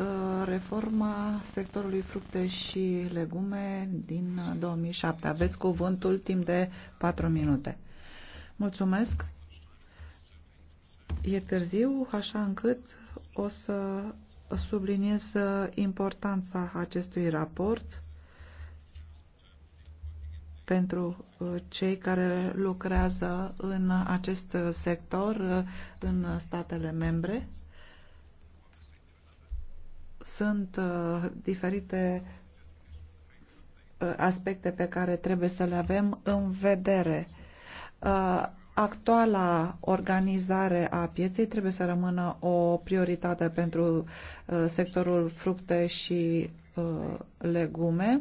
Uh, reforma sectorului fructe și legume din 2007. Uh, Aveți cuvântul timp de 4 minute. Mulțumesc. E târziu, așa încât o să subliniez uh, importanța acestui raport pentru cei care lucrează în acest sector în statele membre. Sunt uh, diferite uh, aspecte pe care trebuie să le avem în vedere. Uh, actuala organizare a pieței trebuie să rămână o prioritate pentru sectorul fructe și legume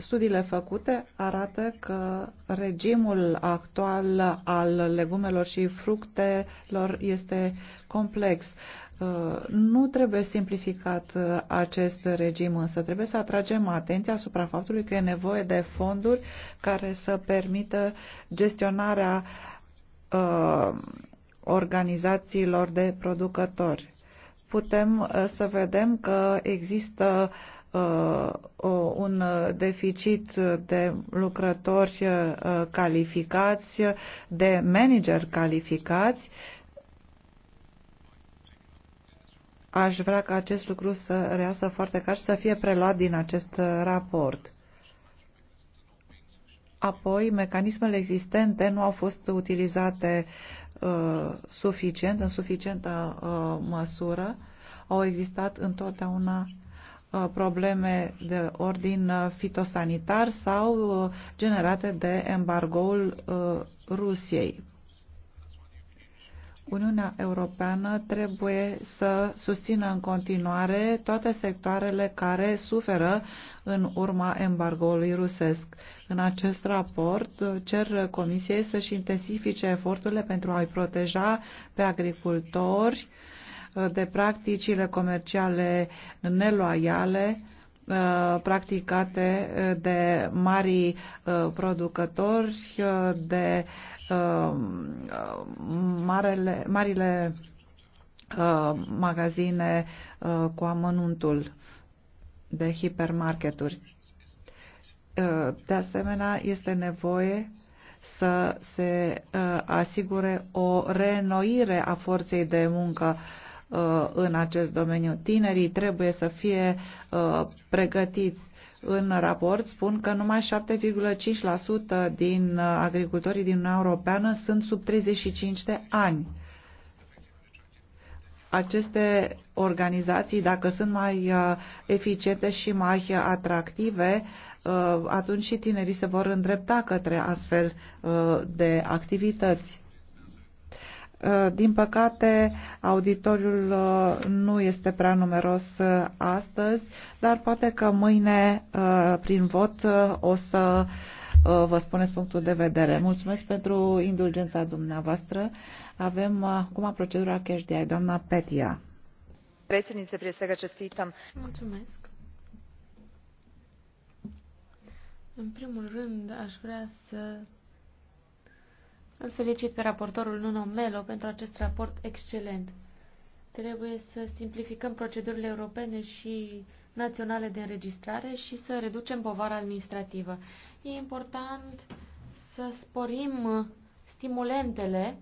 Studiile făcute arată că regimul actual al legumelor și fructelor este complex. Uh, nu trebuie simplificat uh, acest regim, însă trebuie să atragem atenția asupra faptului că e nevoie de fonduri care să permită gestionarea uh, organizațiilor de producători. Putem să vedem că există uh, Uh, uh, un deficit de lucrători uh, calificați, de manageri calificați. Aș vrea ca acest lucru să reasă foarte ca și să fie preluat din acest raport. Apoi, mecanismele existente nu au fost utilizate uh, suficient, în suficientă uh, măsură. Au existat întotdeauna uh, Uh, probleme de ordin uh, fitosanitar sau uh, generate de embargoul Rusiei. Uniunea Europeană trebuie să susțină în continuare toate sectoarele care suferă în urma embargoului rusesc. În acest raport cer Comisiei să-și intensifice eforturile pentru a-i proteja pe agricultori, uh, de practicile comerciale neloiale uh, practicate uh, de mari uh, producători, de marele, marile magazine cu amănuntul de hipermarketuri. De asemenea, este nevoie să se asigure o reînnoire a forței de muncă Uh, în acest domeniu. Tinerii trebuie să fie uh, pregătiți. În raport spun că numai 7,5% din uh, agricultorii din Uniunea Europeană sunt sub 35 de ani aceste organizații, dacă sunt mai eficiente și mai atractive, atunci și tinerii se vor îndrepta către astfel de activități. Eh, din păcate, auditoriul eh, nu este prea numeros eh, astăzi, dar poate că mâine, prin vot, o să vă spuneți punctul de vedere. Mulțumesc pentru indulgența dumneavoastră. Avem acum procedura cash de doamna Petia. Predsjednice, prije svega čestitam. Mulțumesc. În primul rând, aș vrea să îl felicit pe raportorul Nuno Melo pentru acest raport excelent. Trebuie să simplificăm procedurile europene și naționale de înregistrare și să reducem povara administrativă. E important să sporim stimulentele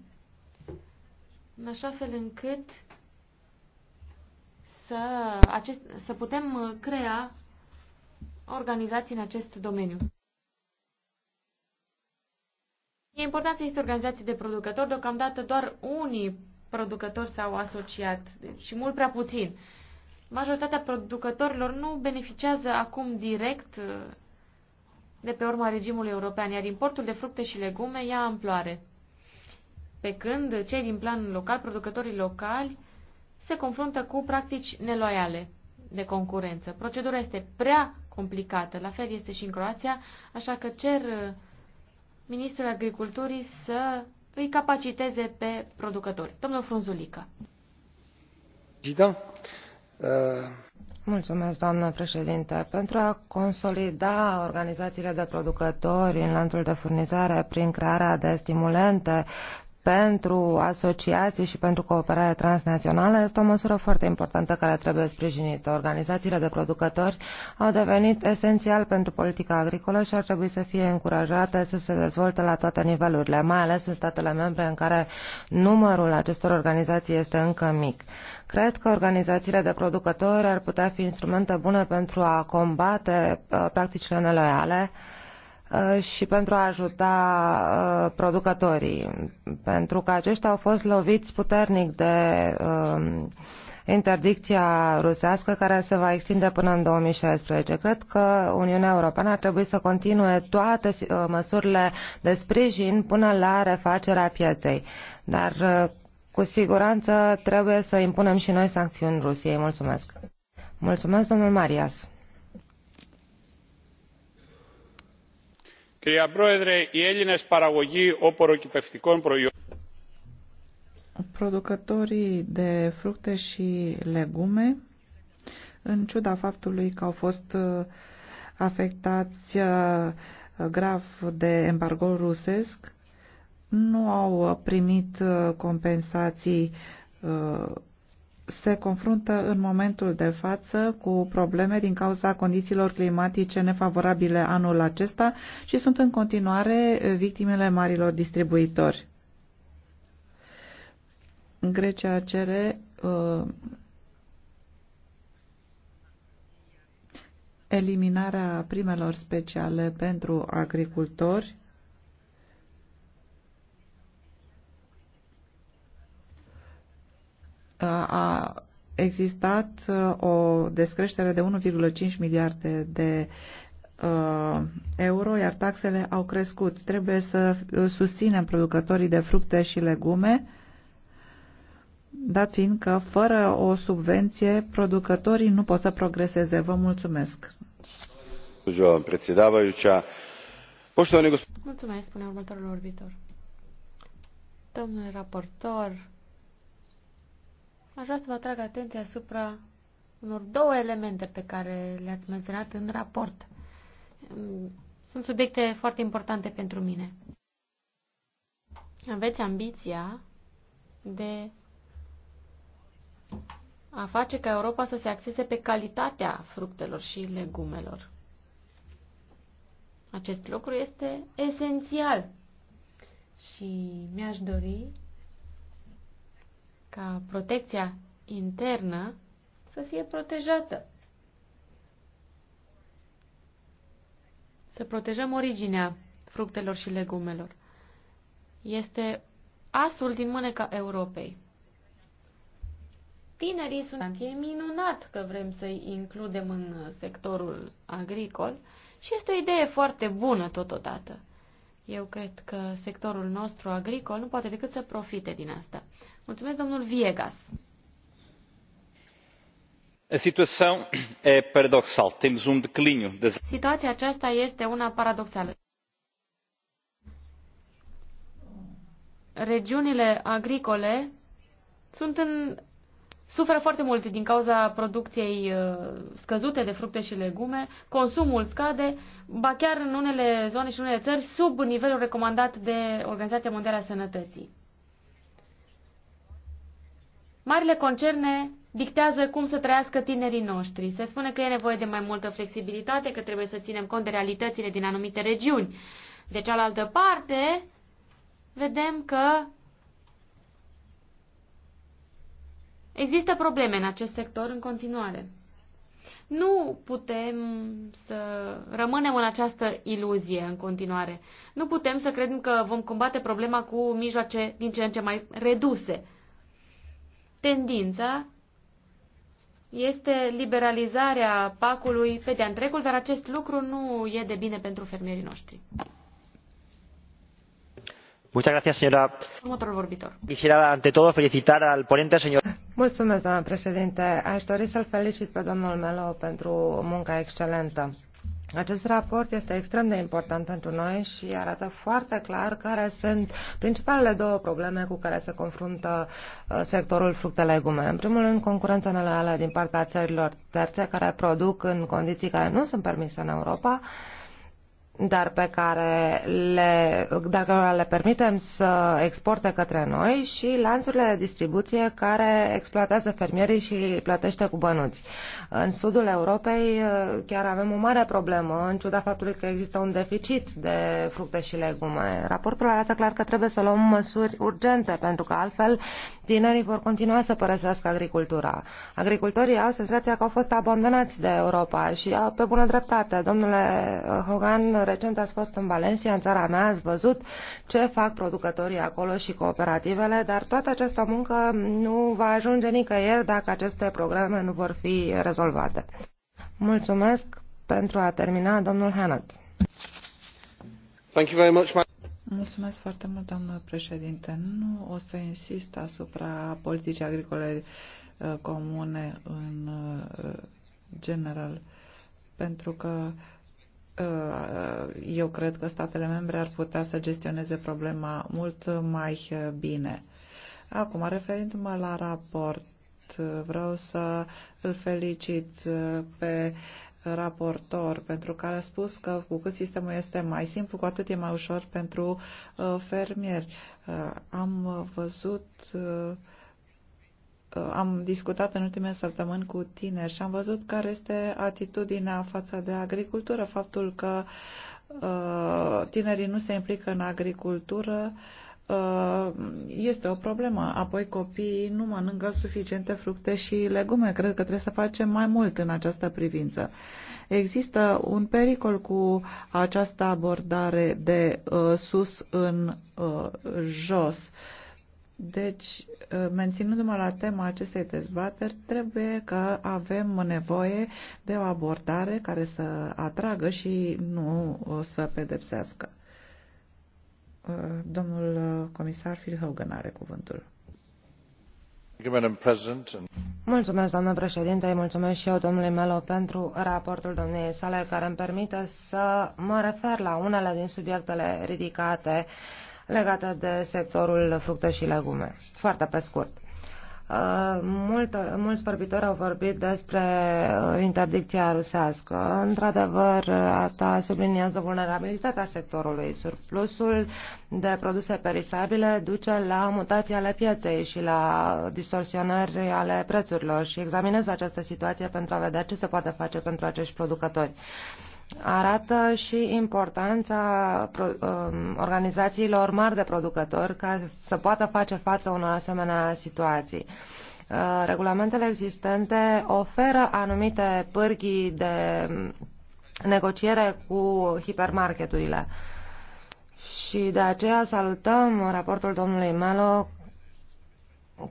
în așa fel încât să, acest, să putem crea organizații în acest domeniu. E important să există organizații de producători, deocamdată doar unii producători s-au asociat deci, și mult prea puțin. Majoritatea producătorilor nu beneficiază acum direct uh, de pe urma regimului european, iar importul de fructe și legume ia amploare. Pe când cei din plan local, producătorii locali, se confruntă cu practici neloiale de concurență. Procedura este prea complicată, la fel este și în Croația, așa că cer uh, ministrul agriculturii să îi capaciteze pe producători. Domnul Frunzulică. Gida. Uh... Mulțumesc, doamnă președinte. Pentru a consolida organizațiile de producători în lanțul de furnizare prin crearea de stimulente pentru asociații și pentru cooperarea transnațională este o măsură foarte importantă care trebuie sprijinită. Organizațiile de producători au devenit esențial pentru politica agricolă și ar trebui să fie încurajate să se dezvolte la toate nivelurile, mai ales în statele membre în care numărul acestor organizații este încă mic. Cred că organizațiile de producători ar putea fi instrumente bune pentru a combate uh, practicile neloiale, Uh, și pentru a ajuta uh, producătorii, pentru că aceștia au fost loviți puternic de um, interdicția rusească care se va extinde până în 2016. Cred că Uniunea Europeană ar trebui să continue toate uh, măsurile de sprijin până la refacerea pieței. Dar cu siguranță trebuie să impunem și noi sancțiuni Rusiei. Mulțumesc. Mulțumesc, domnul Marias. Κυρία Πρόεδρε, οι Έλληνες παραγωγοί οποροκυπευτικών προϊόντων producătorii de fructe și legume, în ciuda faptului că au fost uh, afectați uh, grav de embargo rusesc, nu au primit uh, compensații se confruntă în momentul de față cu probleme din cauza condițiilor climatice nefavorabile anul acesta și sunt în continuare victimele marilor distribuitori. Grecia cere uh, eliminarea primelor speciale pentru agricultori a existat uh, o descreștere de 1,5 miliarde de uh, euro, iar taxele au crescut. Trebuie să uh, susținem producătorii de fructe și legume, dat fiind că fără o subvenție producătorii nu pot să progreseze. Vă mulțumesc. Mulțumesc, spune următorul orbitor. Domnule raportor, Aș vrea să vă atrag atenția asupra unor două elemente pe care le-ați menționat în raport. Mm, sunt subiecte foarte importante pentru mine. Aveți ambiția de a face ca Europa să se axeze pe calitatea fructelor și legumelor. Acest lucru este esențial și mi-aș dori ca protecția internă să fie protejată. Să protejăm originea fructelor și legumelor. Este asul din mâneca Europei. Tinerii sunt, e minunat că vrem să-i includem în sectorul agricol și este o idee foarte bună totodată. Eu cred că sectorul nostru agricol nu poate decât să profite din asta. Mulțumesc, domnul Viegas. Um situația aceasta este una paradoxală. Regiunile agricole sunt în suferă foarte mult din cauza producției uh, scăzute de fructe și legume, consumul scade, ba chiar în unele zone și în unele țări sub nivelul recomandat de Organizația Mondială a Sănătății. Marile concerne dictează cum să trăiască tinerii noștri. Se spune că e nevoie de mai multă flexibilitate, că trebuie să ținem cont de realitățile din anumite regiuni. De cealaltă parte, vedem că Există probleme în acest sector în continuare. Nu putem să rămânem în această iluzie în continuare. Nu putem să credem că vom combate problema cu mijloace din ce în ce mai reduse. Tendința este liberalizarea pacului pe de întregul, dar acest lucru nu e de bine pentru fermierii noștri. Muchas gracias, señora. Următorul vorbitor. Quisiera, ante todo, felicitar al ponente, señor Mulțumesc, doamnă președinte. Aș dori să-l felicit pe domnul Melo pentru munca excelentă. Acest raport este extrem de important pentru noi și arată foarte clar care sunt principalele două probleme cu care se confruntă uh, sectorul fructe-legume. În primul rând, concurența neloială din partea țărilor terțe care produc în condiții care nu sunt permise în Europa dar pe care le, dacă le permitem să exporte către noi și lanțurile de distribuție care exploatează fermierii și îi plătește cu bănuți. În sudul Europei ă, chiar avem o mare problemă, în ciuda faptului că există un deficit de fructe și legume. Raportul arată clar că trebuie să luăm măsuri urgente, pentru că altfel tinerii vor continua să părăsească agricultura. Agricultorii au senzația că au fost abandonați de Europa și pe bună dreptate. Domnule Hogan, Recent ați fost în Valencia, în țara mea, ați văzut ce fac producătorii acolo și cooperativele, dar toată această muncă nu va ajunge nicăieri dacă aceste programe nu vor fi rezolvate. Mulțumesc pentru a termina, domnul Hannett. Thank you very much, Mulțumesc foarte mult, doamnă președinte. Nu o să insist asupra politicii agricole uh, comune în uh, general, pentru că Uh, eu cred că statele membre ar putea să gestioneze problema mult mai bine. Acum, referindu-mă la raport, vreau să îl felicit pe raportor, pentru că a spus că cu cât sistemul este mai simplu, cu atât e mai ușor pentru uh, fermieri. Uh, am văzut am discutat în ultimele săptămâni cu tineri și am văzut care este atitudinea față de agricultură, faptul că uh, tinerii nu se implică în agricultură uh, este o problemă. Apoi copiii nu mănâncă suficiente fructe și legume. Cred că trebuie să facem mai mult în această privință. Există un pericol cu această abordare de uh, sus în jos. Uh, deci, ă, menținându-mă la tema acestei dezbateri, trebuie că avem nevoie de o abordare care să atragă și nu să pedepsească. Ă, domnul ă, comisar Phil Hogan are cuvântul. Mulțumesc, doamnă președinte, mulțumesc și eu, domnului Melo, pentru raportul domniei sale, care îmi permite să mă refer la unele din subiectele ridicate uh, legată de sectorul fructe și legume. Foarte pe scurt. Uh, Mult, mulți vorbitori au vorbit despre uh, interdicția rusească. Într-adevăr, uh, asta subliniază vulnerabilitatea sectorului. Surplusul de produse perisabile duce la mutații ale pieței și la distorsionări ale prețurilor și examinez această situație pentru a vedea ce se poate face pentru acești producători. Uh, arată și importanța um, organizațiilor mari de producători ca să poată face față unor asemenea situații. Uh, regulamentele existente oferă anumite pârghii de negociere cu hipermarketurile. Și de aceea salutăm raportul domnului Melo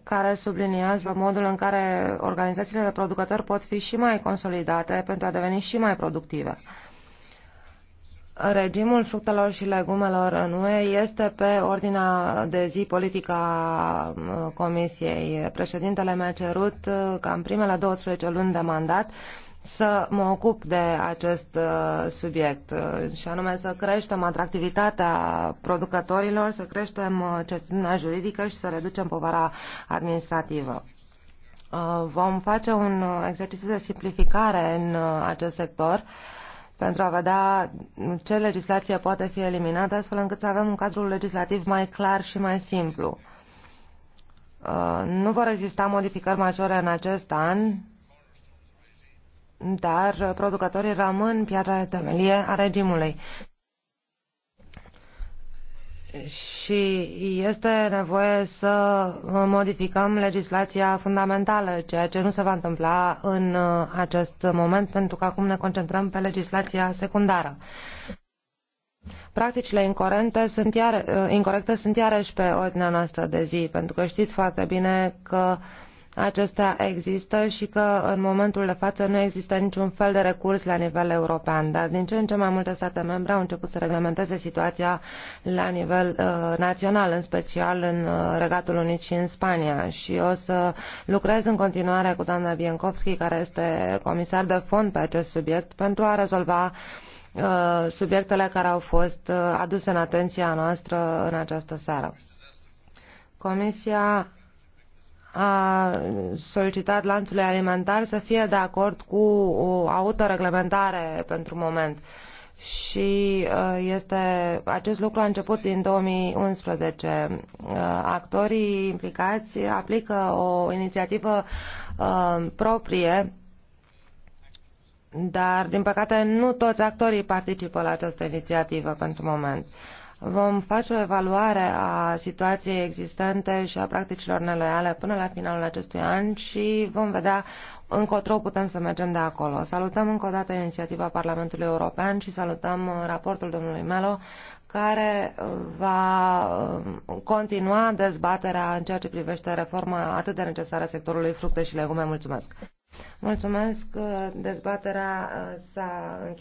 care subliniază modul în care organizațiile de producători pot fi și mai consolidate pentru a deveni și mai productive. Regimul fructelor și legumelor în UE este pe ordinea de zi politică a Comisiei. Președintele mi-a cerut uh, ca în primele 12 luni de mandat să mă ocup de acest uh, subiect uh, și anume să creștem atractivitatea producătorilor, să creștem certitudinea juridică și să reducem povara administrativă. Vom face un exercițiu de simplificare în acest sector pentru a vedea ce legislație poate fi eliminată, astfel încât să avem un cadru legislativ mai clar și mai simplu. Uh, nu vor exista modificări majore în acest an, dar producătorii rămân piatra de temelie a regimului și este nevoie să modificăm legislația fundamentală, ceea ce nu se va întâmpla în uh, acest moment, pentru că acum ne concentrăm pe legislația secundară. Practicile incorrecte sunt, iar, uh, incorrecte sunt iarăși pe ordinea noastră de zi, pentru că știți foarte bine că uh, acestea există și că în momentul de față nu există niciun fel de recurs la nivel european, dar din ce în ce mai multe state membre au început să reglementeze situația la nivel uh, național, în special în uh, Regatul Unit și în Spania. Și o să lucrez în continuare cu doamna Bienkowski, care este comisar de fond pe acest subiect, pentru a rezolva uh, subiectele care au fost uh, aduse în atenția noastră în această seară. Comisia a solicitat lanțului alimentar să fie de acord cu o autoreglementare pentru moment. Și uh, este, acest lucru a început din 2011. Uh, actorii implicați aplică o inițiativă uh, proprie dar, din păcate, nu toți actorii participă la această inițiativă pentru moment. Uh, Vom face o evaluare a situației existente și a practicilor neloiale până la finalul acestui an și vom vedea încotro putem să mergem de acolo. Salutăm încă o dată inițiativa Parlamentului European și salutăm uh, raportul domnului Melo care uh, va uh, continua dezbaterea în ceea ce privește reforma atât de necesară sectorului fructe și legume. Mulțumesc! Mulțumesc! Dezbaterea s-a închis.